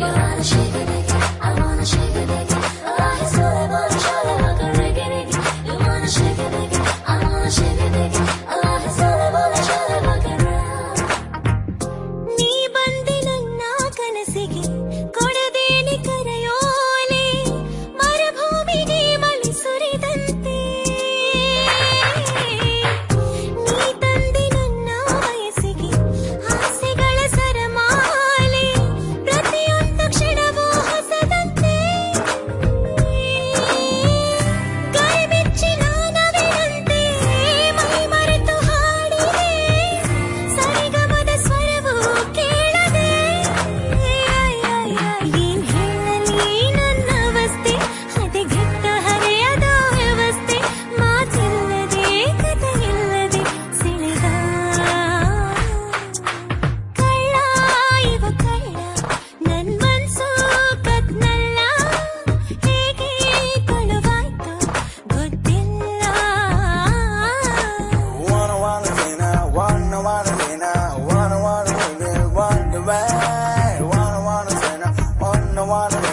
You wanna shake it, marijuana.